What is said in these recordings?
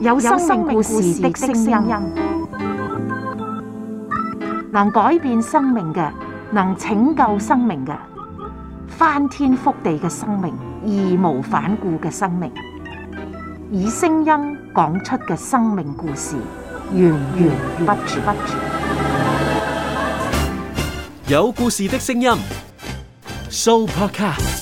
有生命故事的聲音，能改變生命嘅，能拯救生命嘅，翻天覆地嘅生命，義無反顧嘅生命，以聲音講出嘅生命故事，源源不絕。有故事的聲音，Soul Podcast。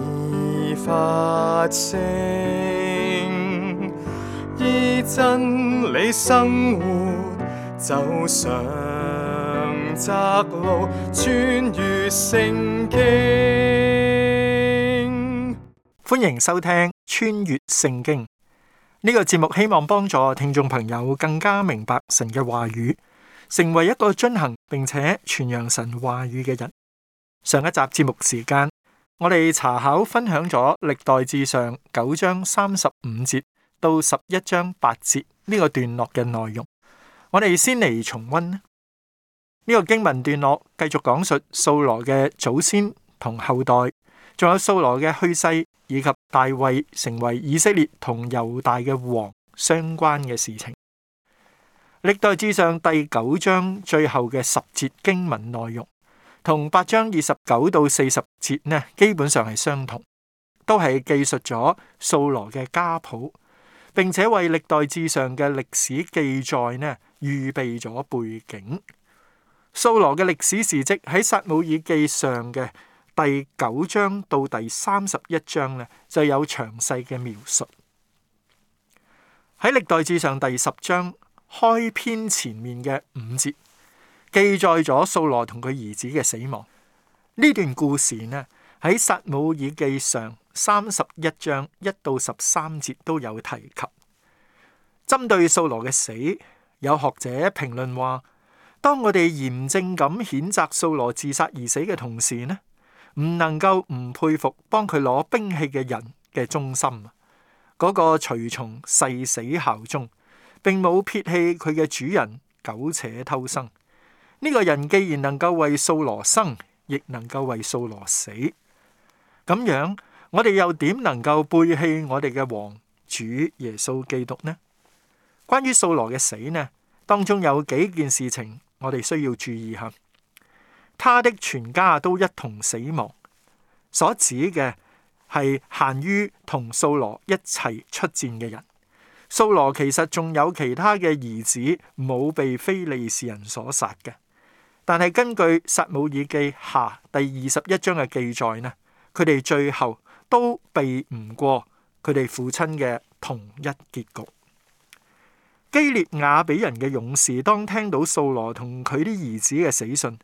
發聲，以真理生活，走上窄路，穿越聖經。歡迎收聽穿越聖經呢個節目，希望幫助聽眾朋友更加明白神嘅話語，成為一個遵行，並且傳揚神話語嘅人。上一集節目時間。我哋查考分享咗《歷代志上》九章三十五節到十一章八節呢個段落嘅內容。我哋先嚟重溫呢、這個經文段落，繼續講述掃羅嘅祖先同後代，仲有掃羅嘅去世以及大衛成為以色列同猶大嘅王相關嘅事情。《歷代志上》第九章最後嘅十節經文內容。同八章二十九到四十節呢，基本上係相同，都係記述咗掃羅嘅家譜，並且為歷代志上嘅歷史記載呢，預備咗背景。掃羅嘅歷史事跡喺撒母耳記上嘅第九章到第三十一章呢，就有詳細嘅描述。喺歷代志上第十章開篇前面嘅五節。記載咗掃羅同佢兒子嘅死亡，呢段故事呢，喺《撒母耳記》上三十一章一到十三節都有提及。針對掃羅嘅死，有學者評論話：當我哋嚴正咁譴責掃羅自殺而死嘅同時，呢唔能夠唔佩服幫佢攞兵器嘅人嘅忠心，嗰個隨從誓死效忠，並冇撇棄佢嘅主人，苟且偷生。呢個人既然能夠為掃羅生，亦能夠為掃羅死，咁樣我哋又點能夠背棄我哋嘅王主耶穌基督呢？關於掃羅嘅死呢，當中有幾件事情我哋需要注意下，他的全家都一同死亡，所指嘅係限於同掃羅一齊出戰嘅人。掃羅其實仲有其他嘅兒子冇被非利士人所殺嘅。但係，根據《撒母耳記下》第二十一章嘅記載呢，佢哋最後都避唔過佢哋父親嘅同一結局。基列雅比人嘅勇士，當聽到掃羅同佢啲兒子嘅死訊，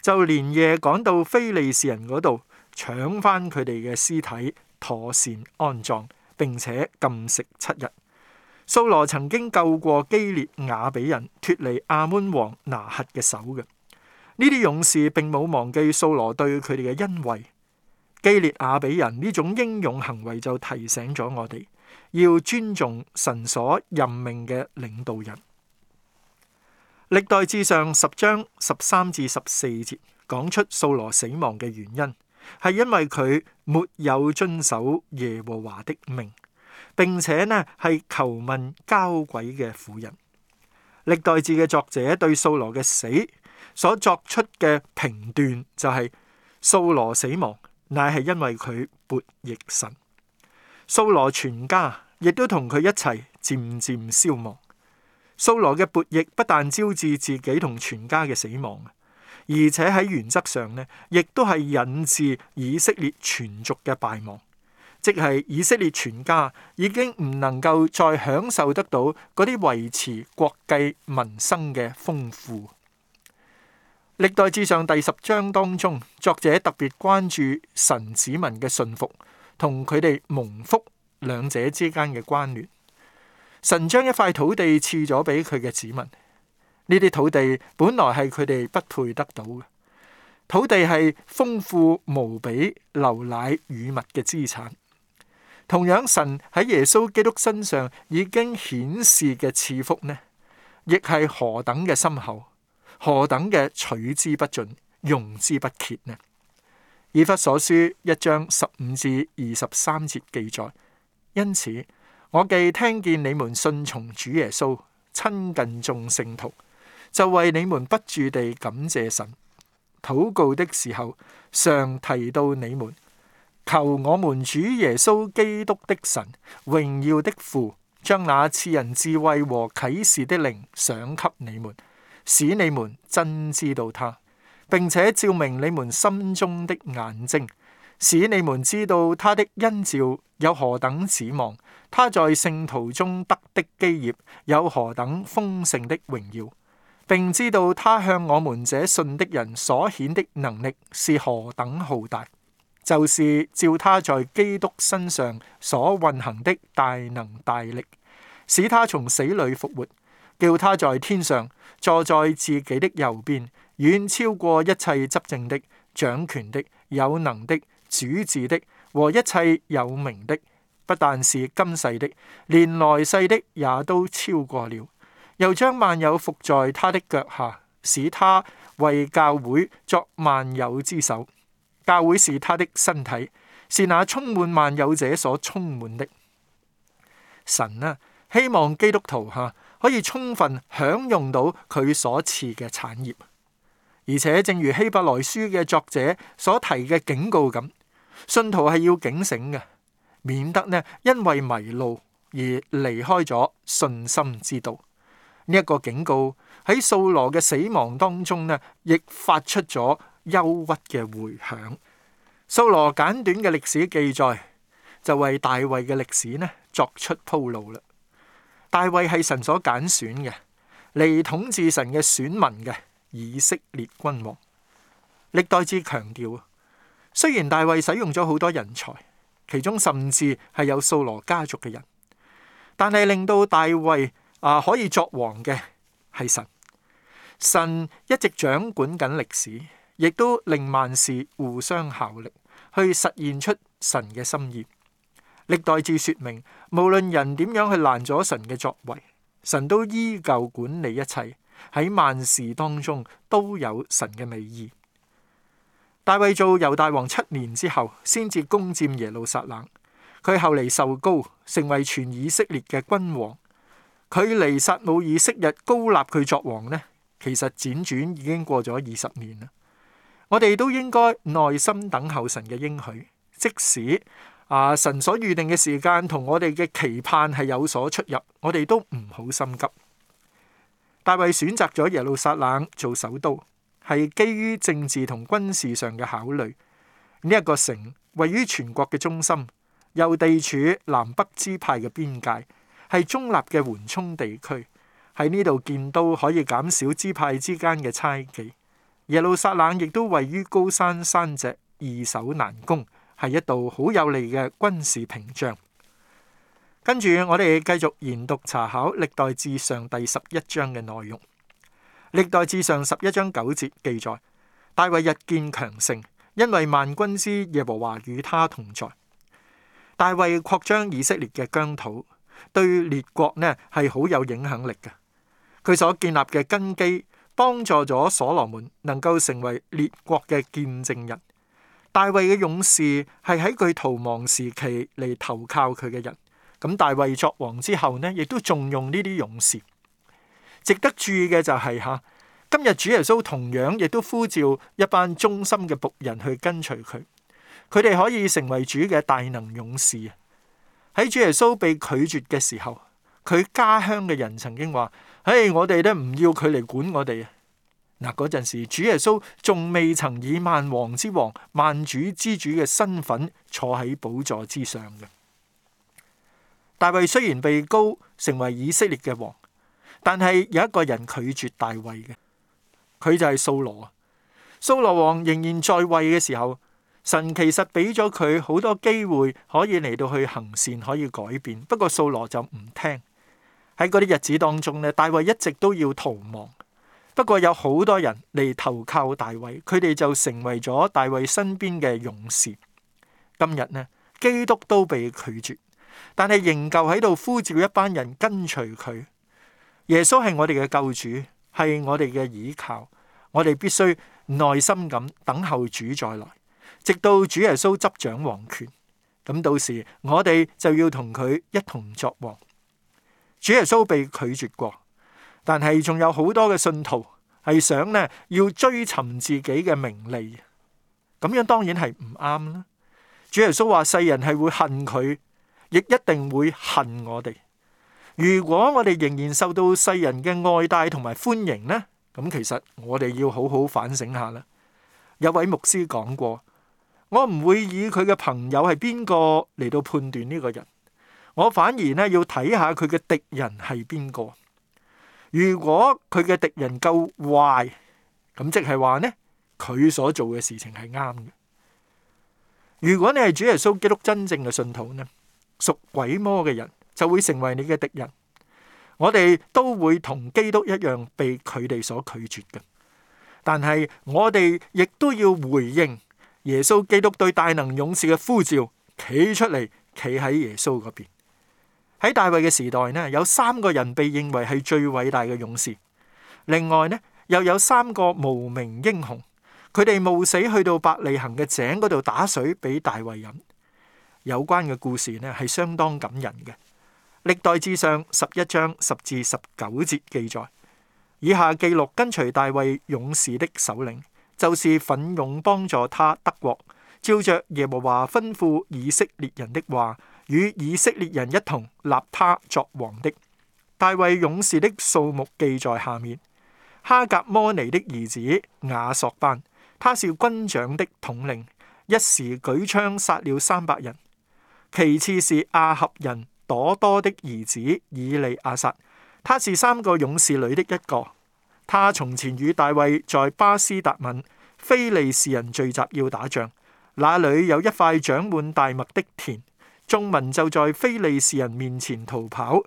就連夜趕到非利士人嗰度搶返佢哋嘅屍體，妥善安葬並且禁食七日。掃羅曾經救過基列雅比人，脫離亞捫王拿轄嘅手嘅。呢啲勇士並冇忘記掃羅對佢哋嘅恩惠，基列亞比人呢種英勇行為就提醒咗我哋要尊重神所任命嘅領導人。歷代志上十章十三至十四節講出掃羅死亡嘅原因，係因為佢沒有遵守耶和華的命，並且呢係求問交鬼嘅婦人。歷代志嘅作者對掃羅嘅死。所作出嘅評斷就係蘇羅死亡乃係因為佢叛逆神，蘇羅全家亦都同佢一齊漸漸消亡。蘇羅嘅叛逆不但招致自己同全家嘅死亡，而且喺原則上呢，亦都係引致以色列全族嘅敗亡，即係以色列全家已經唔能夠再享受得到嗰啲維持國計民生嘅豐富。歷代志上第十章當中，作者特別關注神子民嘅順服同佢哋蒙福兩者之間嘅關聯。神將一塊土地賜咗俾佢嘅子民，呢啲土地本來係佢哋不配得到嘅，土地係豐富無比，流奶與蜜嘅資產。同樣，神喺耶穌基督身上已經顯示嘅賜福呢，亦係何等嘅深厚。何等嘅取之不盡、用之不竭呢？以弗所書一章十五至二十三節記載，因此我既聽見你們信從主耶穌，親近眾聖徒，就為你們不住地感謝神。禱告的時候，常提到你們，求我們主耶穌基督的神、榮耀的父，將那賜人智慧和啟示的靈賞給你們。使你們真知道他，並且照明你們心中的眼睛，使你們知道他的恩召有何等指望，他在聖徒中得的基業有何等豐盛的榮耀，並知道他向我們這信的人所顯的能力是何等浩大，就是照他在基督身上所運行的大能大力，使他從死裏復活，叫他在天上。坐在自己的右邊，遠超過一切執政的、掌權的、有能的、主治的和一切有名的，不但是今世的，連來世的也都超過了。又將萬有伏在他的腳下，使他為教會作萬有之首。教會是他的身體，是那充滿萬有者所充滿的。神啊，希望基督徒吓。可以充分享用到佢所持嘅產業，而且正如希伯來書嘅作者所提嘅警告咁，信徒係要警醒嘅，免得呢因為迷路而離開咗信心之道。呢、這、一個警告喺掃羅嘅死亡當中呢，亦發出咗憂鬱嘅回響。掃羅簡短嘅歷史記載就為大衛嘅歷史呢作出鋪路啦。大衛係神所揀選嘅，嚟統治神嘅選民嘅以色列君王。歷代志強調，雖然大衛使用咗好多人才，其中甚至係有掃羅家族嘅人，但係令到大衛啊可以作王嘅係神。神一直掌管緊歷史，亦都令萬事互相效力，去實現出神嘅心意。歷代志說明，無論人點樣去攔阻神嘅作為，神都依舊管理一切。喺萬事當中都有神嘅美意。大衛做猶大王七年之後，先至攻佔耶路撒冷。佢後嚟受膏成為全以色列嘅君王。距離撒母耳昔日膏立佢作王呢，其實輾轉已經過咗二十年啦。我哋都應該耐心等候神嘅應許，即使。啊！神所預定嘅時間同我哋嘅期盼係有所出入，我哋都唔好心急。大衛選擇咗耶路撒冷做首都，係基於政治同軍事上嘅考慮。呢一個城位於全國嘅中心，又地處南北支派嘅邊界，係中立嘅緩衝地區。喺呢度建都可以減少支派之間嘅猜忌。耶路撒冷亦都位於高山山脊，易守難攻。係一道好有利嘅軍事屏障。跟住我哋繼續研讀查考歷代志上第十一章嘅內容。歷代志上十一章九節記載：大衛日見強盛，因為萬軍之耶和華與他同在。大衛擴張以色列嘅疆土，對列國呢係好有影響力嘅。佢所建立嘅根基，幫助咗所羅門能夠成為列國嘅見證人。大衛嘅勇士係喺佢逃亡時期嚟投靠佢嘅人，咁大衛作王之後呢，亦都重用呢啲勇士。值得注意嘅就係吓，今日主耶穌同樣亦都呼召一班忠心嘅僕人去跟隨佢，佢哋可以成為主嘅大能勇士。喺主耶穌被拒絕嘅時候，佢家鄉嘅人曾經話：唉，我哋都唔要佢嚟管我哋。嗱嗰陣時，主耶穌仲未曾以萬王之王、萬主之主嘅身份坐喺寶座之上嘅。大衛雖然被高成為以色列嘅王，但係有一個人拒絕大衛嘅，佢就係掃羅。掃羅王仍然在位嘅時候，神其實俾咗佢好多機會可以嚟到去行善，可以改變。不過掃羅就唔聽。喺嗰啲日子當中呢，大衛一直都要逃亡。不過有好多人嚟投靠大衛，佢哋就成為咗大衛身邊嘅勇士。今日呢，基督都被拒絕，但係仍舊喺度呼召一班人跟隨佢。耶穌係我哋嘅救主，係我哋嘅倚靠。我哋必須耐心咁等候主再來，直到主耶穌執掌王權。咁到時，我哋就要同佢一同作王。主耶穌被拒絕過。但係仲有好多嘅信徒係想咧，要追尋自己嘅名利，咁樣當然係唔啱啦。主耶穌話：世人係會恨佢，亦一定會恨我哋。如果我哋仍然受到世人嘅愛戴同埋歡迎呢，咁其實我哋要好好反省下啦。有位牧師講過：我唔會以佢嘅朋友係邊個嚟到判斷呢個人，我反而呢，要睇下佢嘅敵人係邊個。如果佢嘅敵人夠壞，咁即係話呢，佢所做嘅事情係啱嘅。如果你係主耶穌基督真正嘅信徒呢，屬鬼魔嘅人就會成為你嘅敵人。我哋都會同基督一樣被佢哋所拒絕嘅，但係我哋亦都要回應耶穌基督對大能勇士嘅呼召，企出嚟，企喺耶穌嗰邊。喺大衛嘅時代呢，有三個人被認為係最偉大嘅勇士。另外呢，又有三個無名英雄，佢哋冒死去到伯利恒嘅井嗰度打水俾大衛飲。有關嘅故事呢，係相當感人嘅。歷代志上十一章十至十九節記載，以下記錄跟隨大衛勇士的首領，就是奮勇幫助他得國，照着耶和華吩咐以色列人的話。與以色列人一同立他作王的大衛勇士的數目記在下面：哈格摩尼的兒子亞索班，他是軍長的統領，一時舉槍殺了三百人。其次是亞合人朵多的兒子以利亞撒，他是三個勇士裏的一個。他從前與大衛在巴斯達敏非利士人聚集要打仗，那裏有一塊長滿大麥的田。眾民就在非利士人面前逃跑，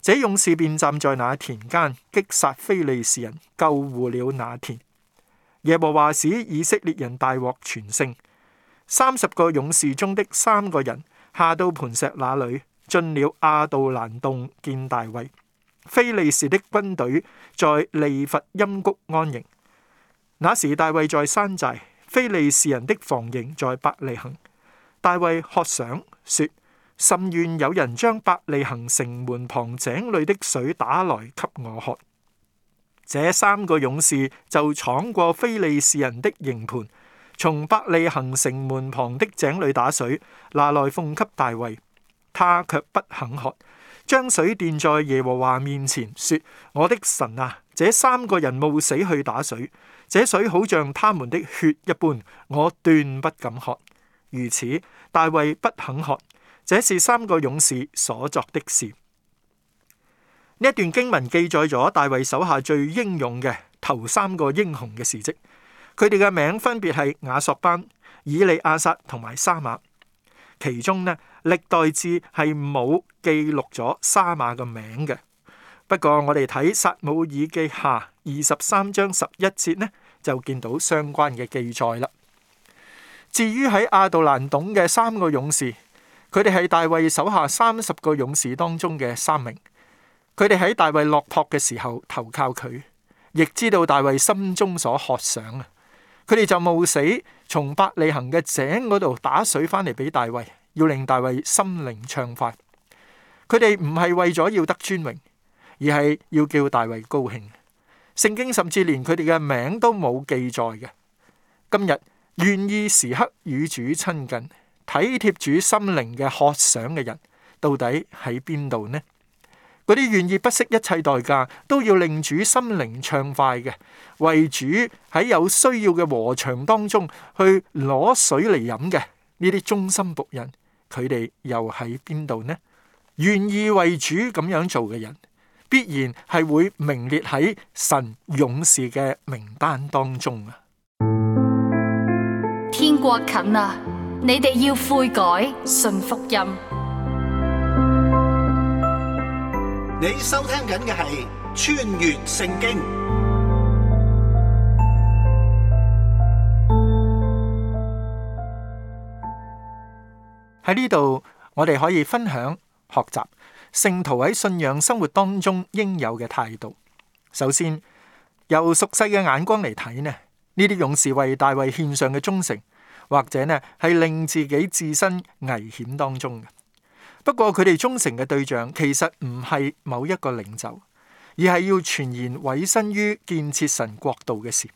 這勇士便站在那田間擊殺非利士人，救護了那田。耶和華使以色列人大獲全勝。三十個勇士中的三個人下到磐石那裡，進了亞杜蘭洞見大衛。非利士的軍隊在利乏音谷安營。那時大衛在山寨，非利士人的防營在伯利恆。大衛渴想說。甚願有人將伯利恒城門旁井裏的水打來給我喝。這三個勇士就闖過非利士人的營盤，從伯利恒城門旁的井裏打水拿來奉給大衛，他卻不肯喝，將水奠在耶和華面前，說：我的神啊，這三個人冒死去打水，這水好像他們的血一般，我斷不敢喝。如此，大衛不肯喝。這是三個勇士所作的事。呢一段經文記載咗大衛手下最英勇嘅頭三個英雄嘅事蹟，佢哋嘅名分別係亞索班、以利亞薩同埋沙馬。其中呢，歷代志係冇記錄咗沙馬嘅名嘅。不過我哋睇撒母耳記下二十三章十一節呢，就見到相關嘅記載啦。至於喺亞杜蘭洞嘅三個勇士。佢哋係大衛手下三十個勇士當中嘅三名，佢哋喺大衛落魄嘅時候投靠佢，亦知道大衛心中所渴想啊！佢哋就冒死從伯利恒嘅井嗰度打水翻嚟俾大衛，要令大衛心靈暢快。佢哋唔係為咗要得尊榮，而係要叫大衛高興。聖經甚至連佢哋嘅名都冇記載嘅。今日願意時刻與主親近，體貼主心靈嘅渴想嘅人到底喺邊度呢？嗰啲願意不惜一切代價都要令主心靈暢快嘅，為主喺有需要嘅禾場當中去攞水嚟飲嘅呢啲忠心僕人，佢哋又喺邊度呢？願意為主咁樣做嘅人，必然係會名列喺神勇士嘅名單當中啊！天國近啦！你哋要悔改，信福音。你收聽緊嘅係《穿越聖經》。喺呢度，我哋可以分享、學習聖徒喺信仰生活當中應有嘅態度。首先，由俗世嘅眼光嚟睇呢，呢啲勇士為大衛獻上嘅忠誠。或者呢，係令自己置身危險當中嘅。不過佢哋忠誠嘅對象其實唔係某一個領袖，而係要全然委身於建設神國度嘅事。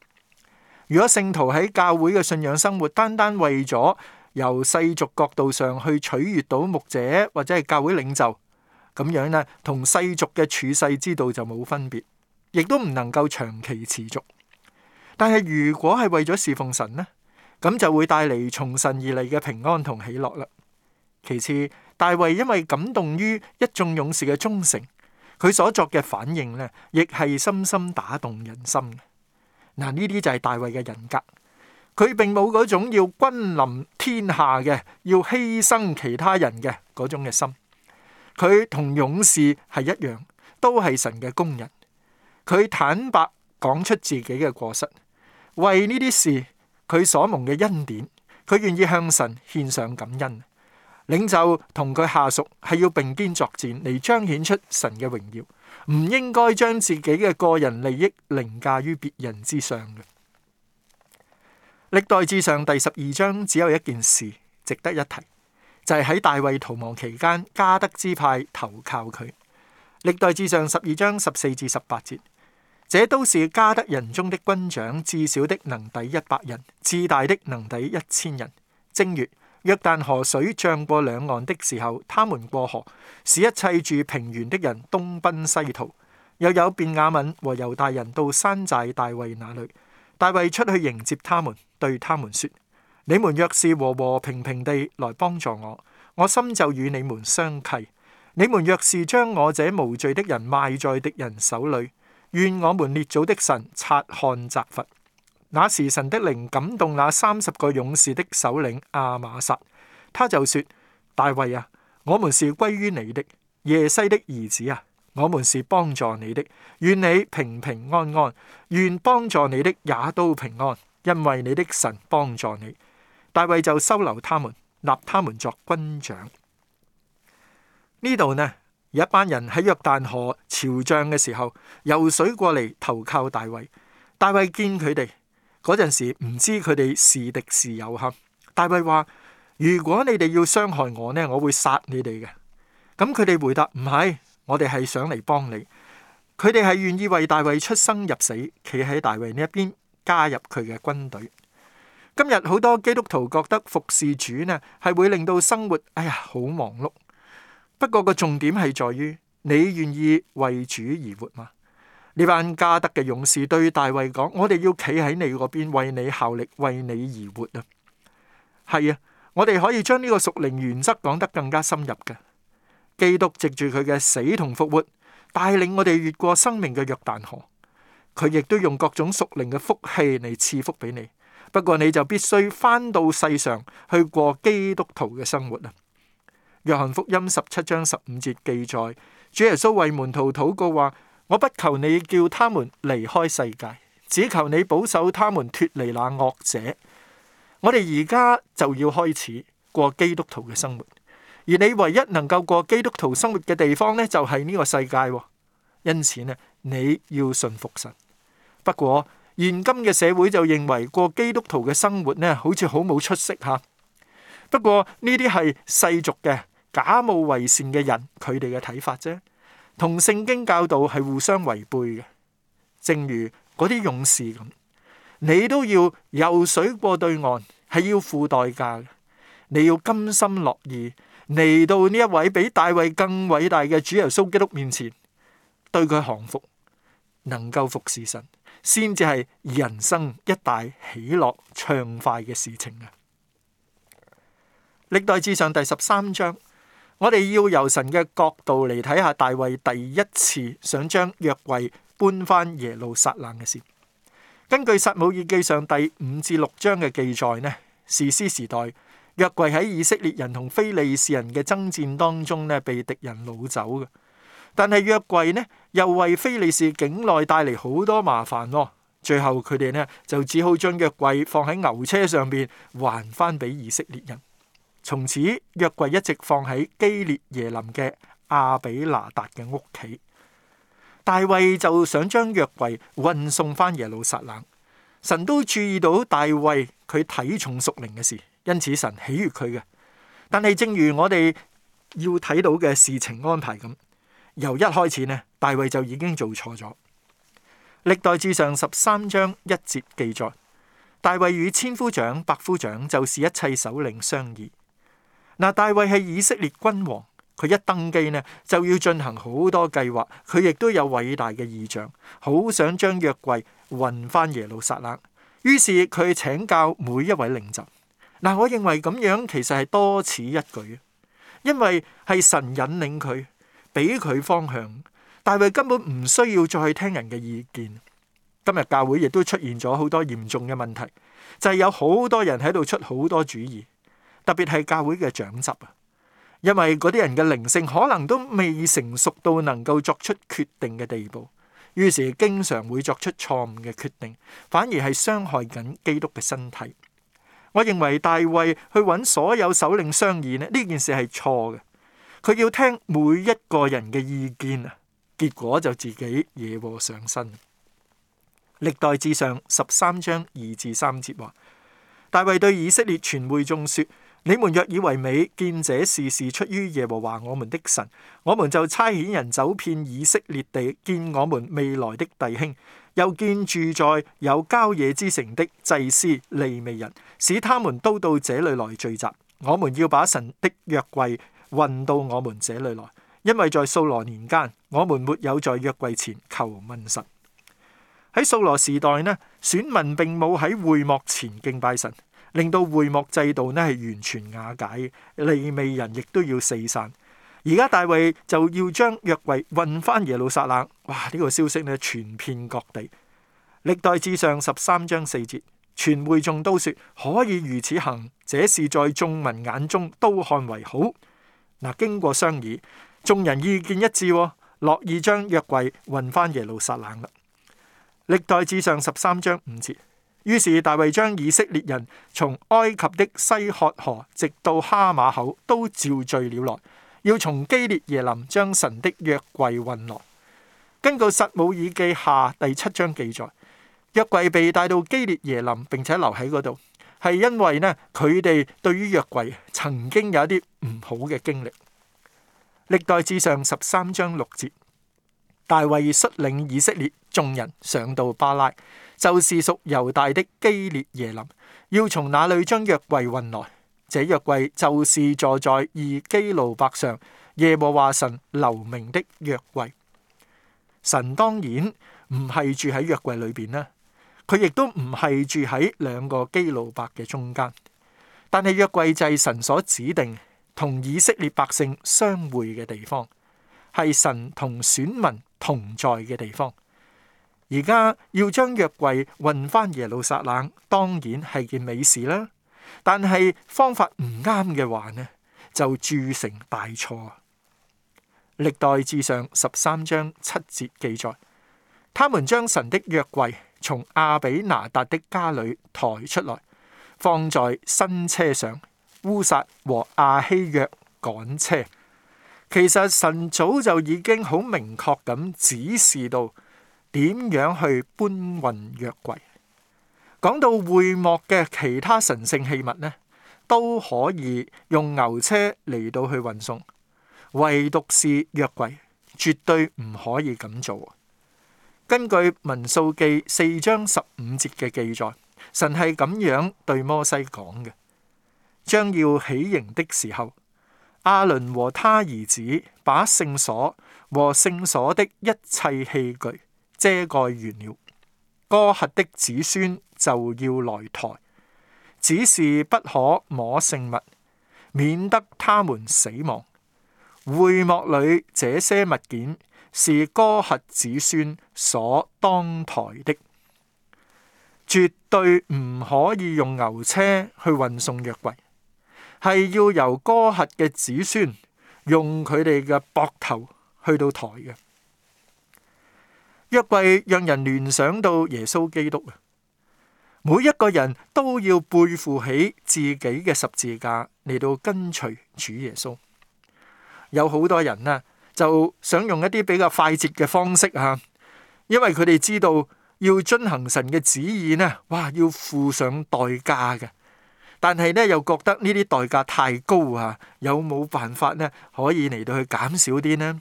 如果聖徒喺教會嘅信仰生活，單單為咗由世俗角度上去取悅到牧者或者係教會領袖，咁樣呢，同世俗嘅處世之道就冇分別，亦都唔能夠長期持續。但係如果係為咗侍奉神呢？咁就會帶嚟從神而嚟嘅平安同喜樂啦。其次，大衛因為感動於一眾勇士嘅忠誠，佢所作嘅反應呢亦係深深打動人心嘅。嗱，呢啲就係大衛嘅人格。佢並冇嗰種要君臨天下嘅，要犧牲其他人嘅嗰種嘅心。佢同勇士係一樣，都係神嘅工人。佢坦白講出自己嘅過失，為呢啲事。佢所蒙嘅恩典，佢願意向神獻上感恩。領袖同佢下屬係要並肩作戰，嚟彰顯出神嘅榮耀，唔應該將自己嘅個人利益凌駕於別人之上嘅。歷代志上第十二章只有一件事值得一提，就係、是、喺大衛逃亡期間，加德支派投靠佢。歷代志上十二章十四至十八節。這都是迦得人中的軍長，至小的能抵一百人，至大的能抵一千人。正月，約旦河水漲過兩岸的時候，他們過河，使一切住平原的人東奔西逃。又有便雅憫和猶大人到山寨大衛那裏，大衛出去迎接他們，對他們說：你們若是和和平平地來幫助我，我心就與你們相契；你們若是將我這無罪的人賣在敵人手裏，願我們列祖的神察看責罰。那時神的靈感動那三十個勇士的首領阿瑪撒，他就說：大衛啊，我們是歸於你的耶西的兒子啊，我們是幫助你的，願你平平安安，願幫助你的也都平安，因為你的神幫助你。大衛就收留他們，立他們作軍長。呢度呢？有一班人喺約旦河潮漲嘅時候游水過嚟投靠大衛。大衛見佢哋嗰陣時唔知佢哋是敵是友吓。大衛話：如果你哋要傷害我呢，我會殺你哋嘅。咁佢哋回答：唔係，我哋係想嚟幫你。佢哋係願意為大衛出生入死，企喺大衛呢一邊，加入佢嘅軍隊。今日好多基督徒覺得服侍主呢係會令到生活哎呀好忙碌。不過個重點係在於，你願意為主而活嗎？呢班加德嘅勇士對大衛講：我哋要企喺你嗰邊，為你效力，為你而活啊！係啊，我哋可以將呢個屬靈原則講得更加深入嘅。基督藉住佢嘅死同復活，帶領我哋越過生命嘅約旦河。佢亦都用各種屬靈嘅福氣嚟賜福俾你。不過你就必須翻到世上去過基督徒嘅生活啊！約翰福音十七章十五節記載，主耶穌為門徒禱告話：我不求你叫他們離開世界，只求你保守他們脫離那惡者。我哋而家就要開始過基督徒嘅生活，而你唯一能夠過基督徒生活嘅地方咧，就係呢個世界。因此呢，你要信服神。不過現今嘅社會就認為過基督徒嘅生活咧，好似好冇出息吓。不過呢啲係世俗嘅。假冒為善嘅人，佢哋嘅睇法啫，同聖經教導係互相違背嘅。正如嗰啲勇士咁，你都要游水過對岸，係要付代價嘅。你要甘心樂意嚟到呢一位比大衛更偉大嘅主耶穌基督面前，對佢降服，能夠服侍神，先至係人生一大喜樂暢快嘅事情啊！歷代志上第十三章。我哋要由神嘅角度嚟睇下大衛第一次想將約櫃搬翻耶路撒冷嘅事。根據《撒母耳記》上第五至六章嘅記載呢，士師時代約櫃喺以色列人同非利士人嘅爭戰當中呢，被敵人擄走嘅。但係約櫃呢又為非利士境內帶嚟好多麻煩咯。最後佢哋呢就只好將約櫃放喺牛車上邊，還翻俾以色列人。從此約櫃一直放喺基列耶林嘅亞比拿達嘅屋企。大衛就想將約櫃運送翻耶路撒冷。神都注意到大衛佢睇重屬靈嘅事，因此神喜悦佢嘅。但係正如我哋要睇到嘅事情安排咁，由一開始呢，大衛就已經做錯咗。歷代志上十三章一節記載，大衛與千夫長、百夫長就是一切首領商議。嗱，大衛係以色列君王，佢一登基呢，就要進行好多計劃，佢亦都有偉大嘅異象，好想將約櫃運翻耶路撒冷。於是佢請教每一位領袖。嗱，我認為咁樣其實係多此一舉，因為係神引領佢，俾佢方向。大衛根本唔需要再去聽人嘅意見。今日教會亦都出現咗好多嚴重嘅問題，就係有好多人喺度出好多主意。特別係教會嘅長執啊，因為嗰啲人嘅靈性可能都未成熟到能夠作出決定嘅地步，於是經常會作出錯誤嘅決定，反而係傷害緊基督嘅身體。我認為大衛去揾所有首領商議咧，呢件事係錯嘅。佢要聽每一個人嘅意見啊，結果就自己惹禍上身。歷代志上十三章二至三節話：大衛對以色列全會眾說。你們若以為美，見這事是出於耶和華我們的神，我們就差遣人走遍以色列地，見我們未來的弟兄，又見住在有郊野之城的祭司利未人，使他們都到這裏來聚集。我們要把神的約櫃運到我們這裏來，因為在掃羅年間，我們沒有在約櫃前求問神。喺掃羅時代呢，選民並冇喺會幕前敬拜神。令到會幕制度呢係完全瓦解，利未人亦都要四散。而家大衛就要將約櫃運翻耶路撒冷。哇！呢、這個消息呢，全遍各地。歷代志上十三章四節，全會眾都說可以如此行，這是在眾民眼中都看為好。嗱、啊，經過商議，眾人意見一致，樂意將約櫃運翻耶路撒冷啦。歷代志上十三章五節。於是大衛將以色列人從埃及的西曷河直到哈馬口都招聚了來，要從基列耶琳將神的約櫃運來。根據撒母耳記下第七章記載，約櫃被帶到基列耶琳並且留喺嗰度，係因為呢，佢哋對於約櫃曾經有一啲唔好嘅經歷。歷代志上十三章六節。大衛率領以色列眾人上到巴拉，就是屬猶大的基列耶林，要從那裏將約櫃運來。這約櫃就是坐在二基路伯上，耶和華神留名的約櫃。神當然唔係住喺約櫃裏邊啦，佢亦都唔係住喺兩個基路伯嘅中間，但係約櫃係神所指定同以色列百姓相會嘅地方，係神同選民，同在嘅地方，而家要將約櫃運翻耶路撒冷，當然係件美事啦。但係方法唔啱嘅話呢，就鑄成大錯。歷代志上十三章七節記載，他們將神的約櫃從亞比拿達的家裏抬出來，放在新車上，烏撒和亞希約趕車。其實，神早就已經好明確咁指示到點樣去搬運約櫃。講到會幕嘅其他神聖器物呢，都可以用牛車嚟到去運送，唯獨是約櫃絕對唔可以咁做。根據民數記四章十五節嘅記載，神係咁樣對摩西講嘅：將要起營的時候。阿倫和他兒子把聖所和聖所的一切器具遮蓋完了。哥轄的子孫就要來抬，只是不可摸聖物，免得他們死亡。會幕裏這些物件是哥轄子孫所當抬的，絕對唔可以用牛車去運送約櫃。係要由哥轄嘅子孫用佢哋嘅膊頭去到抬嘅。約櫃讓人聯想到耶穌基督啊！每一個人都要背負起自己嘅十字架嚟到跟隨主耶穌。有好多人呢就想用一啲比較快捷嘅方式啊，因為佢哋知道要遵行神嘅旨意呢，哇，要付上代價嘅。但係咧，又覺得呢啲代價太高啊！有冇辦法咧，可以嚟到去減少啲呢？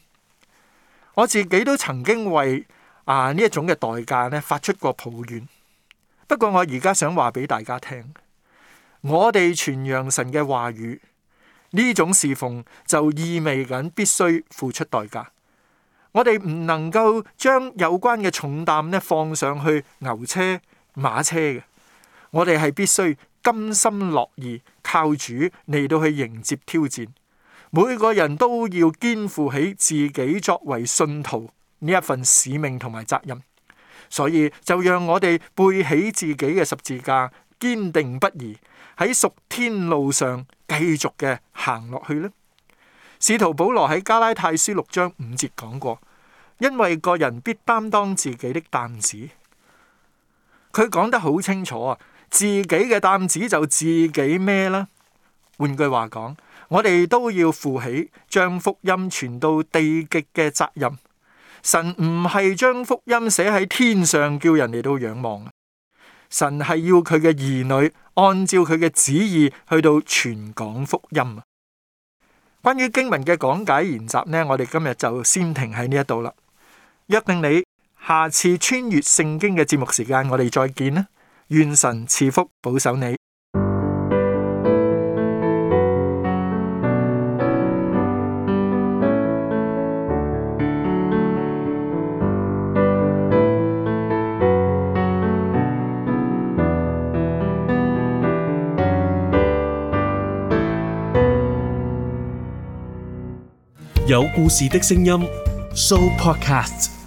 我自己都曾經為啊呢一種嘅代價咧發出過抱怨。不過我而家想話俾大家聽，我哋傳揚神嘅話語，呢種侍奉就意味緊必須付出代價。我哋唔能夠將有關嘅重擔咧放上去牛車馬車嘅，我哋係必須。甘心樂意靠主嚟到去，迎接挑戰，每個人都要肩負起自己作為信徒呢一份使命同埋責任，所以就讓我哋背起自己嘅十字架，堅定不移喺屬天路上繼續嘅行落去咧。使徒保羅喺加拉太書六章五節講過，因為個人必擔當自己的擔子，佢講得好清楚啊！自己嘅擔子就自己孭啦。換句話講，我哋都要負起將福音傳到地極嘅責任。神唔係將福音寫喺天上叫人哋都仰望。神係要佢嘅兒女按照佢嘅旨意去到傳講福音啊。關於經文嘅講解研習呢，我哋今日就先停喺呢一度啦。約定你下次穿越聖經嘅節目時間，我哋再見啦。願神賜福保守你。有故事的聲音，Show Podcast。